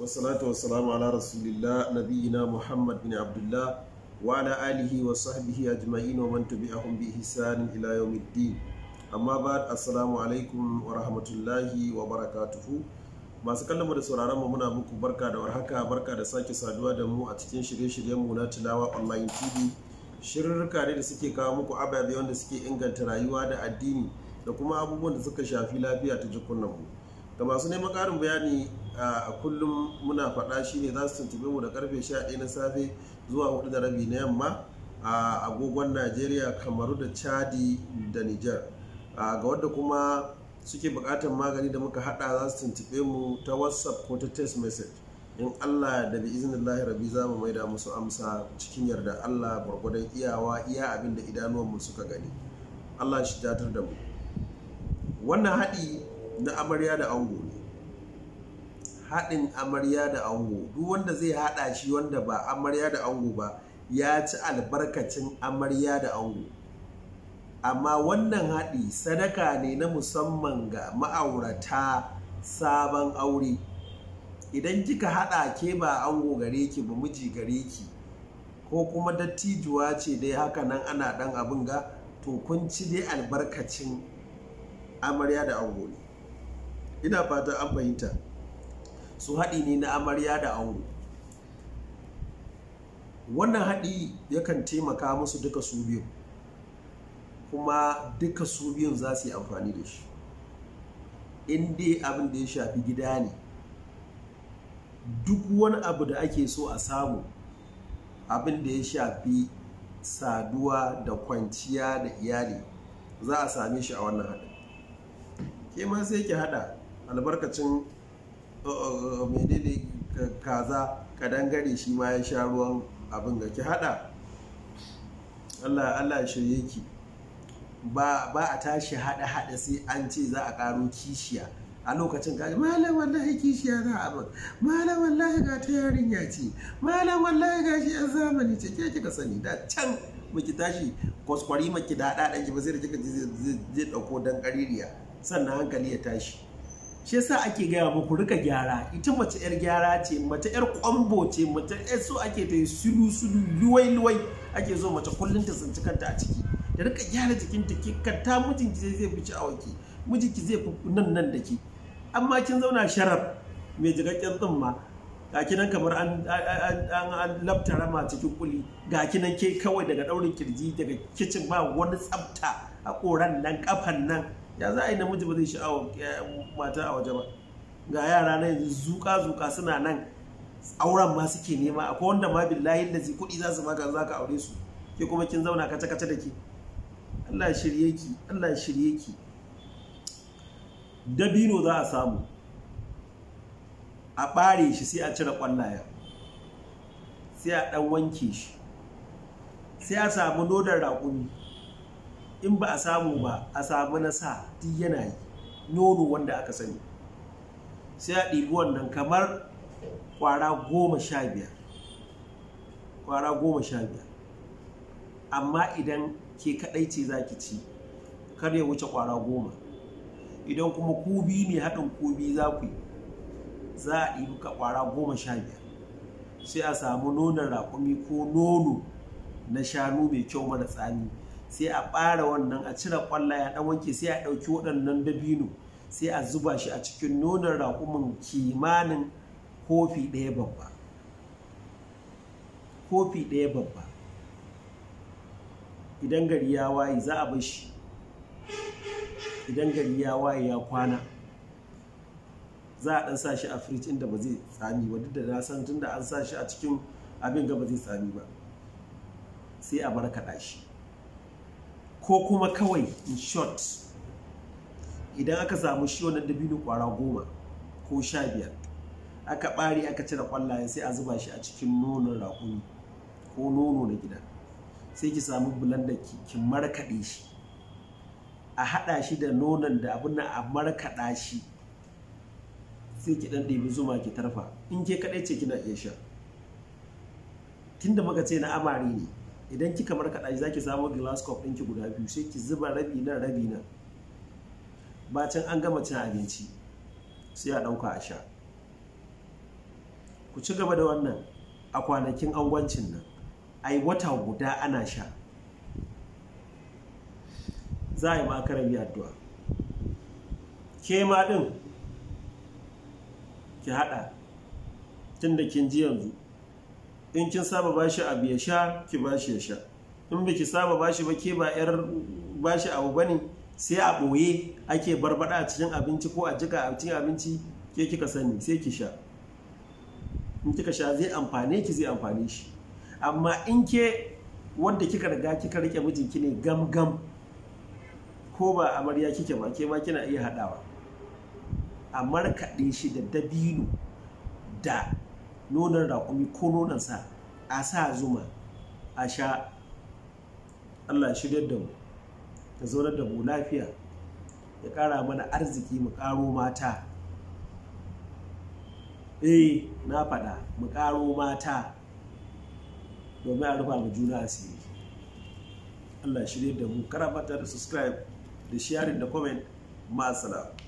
wasalatu wasalamu ala rasulillah nabiyina muhammad bin abdullah wa ala alihi wa sahbihi ajma'in wa man tabi'ahum bi ihsanin ila yawmiddin amma ba assalamu alaikum wa rahmatullahi wa barakatuhu masu kallon da sauraron mu muna muku barka da warhaka barka da sake saduwa da mu a cikin shirye-shiryen mu na tilawa online tv shirurruka ne da suke kawo muku ababe wanda suke inganta rayuwa da addini da kuma abubuwan da suka shafi lafiya ta jikunan mu ga masu neman karin bayani a kullum muna faɗa shine za su tuntube mu da karfe 11 na safe zuwa 4 da rabi na yamma a agogon najeriya kamaru da chadi da niger ga wadda kuma suke buƙatar magani da muka haɗa za su tuntube mu ta whatsapp ko ta text message in allah da bi iznillahi rabi za mu maida musu amsa cikin yarda allah gwargwadon iyawa iya abin da idanuwanmu suka gani allah shi datar da mu wannan haɗi na amarya da ango ne haɗin amarya da ango duk wanda zai haɗa shi wanda ba amarya da ango ba ya ci albarkacin amarya da ango amma wannan haɗi sadaka ne na musamman ga ma'aurata sabon aure idan kika haɗa ke ba ango gare ki ba miji gare ki ko kuma dattijuwa ce dai haka nan ana ɗan abin ga to kun ci dai albarkacin amarya da ango ne ina fatan an fahimta su haɗi ne na amarya da ango wannan haɗi yakan taimaka musu duka su biyu kuma duka su biyun za su yi amfani da shi in dai abin da ya shafi gida ne duk wani abu da ake so a samu abin da ya shafi saduwa da kwanciya da iyali za a same shi a wannan haɗin ke ma sai ki haɗa albarkacin uh, menene kaza kadangare shi ma ya sha ruwan abin ga ki hada Allah Allah shirye ki ba a tashi hada hada sai an ce za a karo kishiya a lokacin gaji malam wallahi kishiya za a abin malam wallahi ga ta yarinya ce malam wallahi ga shi yan zamani ce ke kika sani da can muki tashi kwaskwari maki da haɗa ɗanki ba zai da kika zai ɗauko dan ƙaririya sannan hankali ya tashi shi yasa ake gaya ba ku rika gyara ita mace yar gyara ce mace yar kwambo ce mace yar so ake ta sulu sulu luwai luwai ake so mace kullun ta tsinci kanta a ciki da rika gyara jikinta ki katta mijinki zai fi ci waki, mijinki zai fi nan nan da ki amma kin zauna sharaf mai jigakken tsumma ga kinan kamar an an labtara ma cikin kuli ga kinan ke kawai daga daurin kirji daga kicin ba wani tsafta koran nan kafan nan ya za a yi namiji ba zai sha'awar eh, mata a waje ba ga yara na yanzu zuka zuka suna nan auren ma suke nema akwai wanda ma billahi da zai kuɗi za su maka za ka aure su ke kuma kin zauna kace kace da ke Allah shirye ki Allah shirye ki dabino za a samu a bare shi sai a cire kwallaya sai a dan wanke shi sai a samu nodar raƙumi in ba a samu ba a samu na sa duk yana yi nono wanda aka sani sai a ɗibi wannan kamar kwara goma sha biyar kwara goma sha biyar amma idan ke kaɗai ce za ki ci kar ya wuce kwara goma idan kuma kubi ne haɗin kubi za ku yi za a ɗibi ka kwara goma sha biyar sai a samu nonon raƙumi ko nono na shanu mai kyau mara tsami sai a ɓara wannan a cire ƙwallaye a ɗan wanke sai a ɗauki waɗannan dabino sai a zuba shi a cikin nonon raƙumin kimanin kofi ɗaya babba kofi ɗaya babba idan gari ya waye za a bar shi idan gari ya waye ya kwana za a ɗan sa shi a firij inda ba zai tsami ba duk da na san tunda an sa shi a cikin abin ga ba zai tsami ba sai a barkaɗa shi ko kuma kawai in short idan aka samu shi wannan dabino kwara goma ko sha biyar aka ɓare aka cire ƙwallayen sai a zuba shi a cikin nonon raƙumi ko nono na gida sai ki samu blender ki ki markaɗe shi a haɗa shi da nonon da abin nan a markaɗa shi sai ki ɗan ɗebi zuma ki tarfa in ke kaɗai ce kina iya sha tunda muka ce na amare ne idan kika markaɗa za ki samo glass cup ɗinki guda biyu sai ki zuba rabi nan rabi nan bacin an gama cin abinci sai a ɗauka a sha ku ci gaba da wannan a kwanakin angwancin nan ai wata guda ana sha za a yi yi addu'a ke ma ɗin ki haɗa tun da kin ji yanzu in kin saba bashi abu ya sha ki bashi ya sha in ba ki saba bashi ba ke ba yar bashi abu bane sai a ɓoye ake barbada a cikin abinci ko a jika a cikin abinci ke kika sani sai ki sha in kika sha zai amfane ki zai amfane shi amma in ke wanda kika riga kika rike mijinki ne gam gam ko ba amarya kike ba ke ma kina iya haɗawa a markaɗe shi da dabino da nonon raƙumi ko nonon sa a sa zuma a sha allah shirya da mu ta zaunar da mu lafiya ya ƙara mana arziki mu ƙaro mata eh na faɗa mu ƙaro mata domin a rufa mu juna asiri allah shirya da mu karabatar da subscribe da sharing da comment ma'asala